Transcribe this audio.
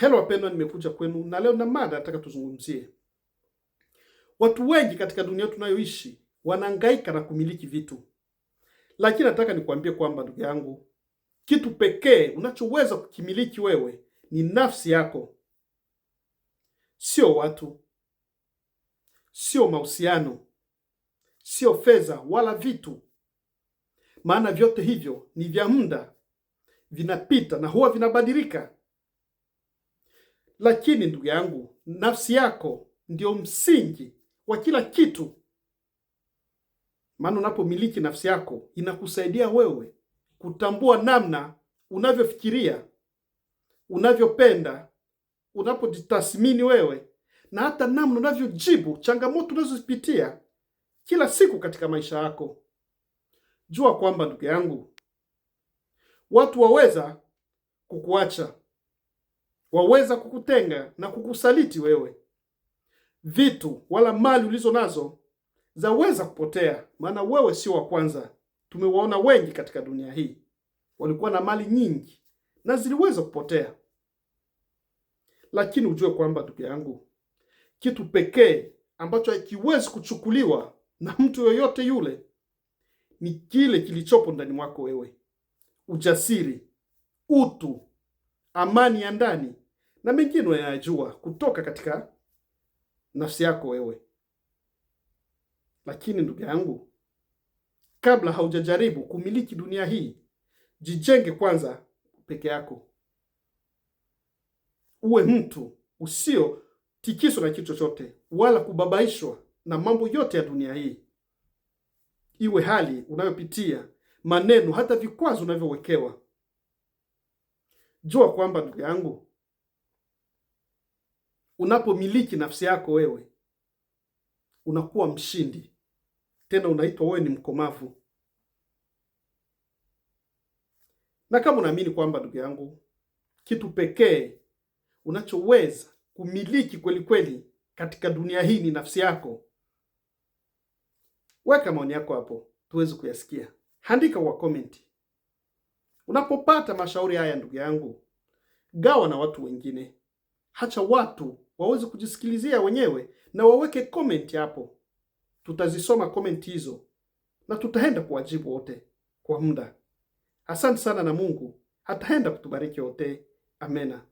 Hello wapendwa, nimekuja kwenu na leo na mada nataka tuzungumzie. Watu wengi katika dunia tunayoishi wanahangaika na kumiliki vitu, lakini nataka nikwambie kwamba ndugu yangu, kitu pekee unachoweza kukimiliki wewe ni nafsi yako, sio watu, sio mahusiano, sio fedha wala vitu, maana vyote hivyo ni vya muda, vinapita na huwa vinabadilika lakini ndugu yangu, nafsi yako ndio msingi wa kila kitu, maana unapomiliki nafsi yako inakusaidia wewe kutambua namna unavyofikiria, unavyopenda, unapojitathmini wewe na hata namna unavyojibu changamoto unazozipitia kila siku katika maisha yako. Jua kwamba ndugu yangu, watu waweza kukuacha waweza kukutenga na kukusaliti wewe. Vitu wala mali ulizo nazo zaweza kupotea, maana wewe sio wa kwanza. Tumewaona wengi katika dunia hii walikuwa na mali nyingi na ziliweza kupotea. Lakini ujue kwamba ndugu yangu, kitu pekee ambacho hakiwezi kuchukuliwa na mtu yoyote yule ni kile kilichopo ndani mwako wewe: ujasiri, utu amani ya ndani na mengine unayajua kutoka katika nafsi yako wewe. Lakini ndugu yangu, kabla haujajaribu kumiliki dunia hii, jijenge kwanza peke yako, uwe mtu usiotikiswa na kitu chochote wala kubabaishwa na mambo yote ya dunia hii, iwe hali unayopitia, maneno, hata vikwazo unavyowekewa jua kwamba ndugu yangu, unapomiliki nafsi yako wewe unakuwa mshindi, tena unaitwa wewe ni mkomavu. Na kama unaamini kwamba ndugu yangu, kitu pekee unachoweza kumiliki kweli kweli katika dunia hii ni nafsi yako, weka maoni yako hapo tuweze kuyasikia. Handika kwa komenti. Unapopata mashauri haya, ndugu yangu, gawa na watu wengine, hacha watu waweze kujisikilizia wenyewe na waweke comment hapo. Tutazisoma comment hizo na tutaenda kuwajibu wote kwa muda. Asante sana, na Mungu ataenda kutubariki wote. Amena.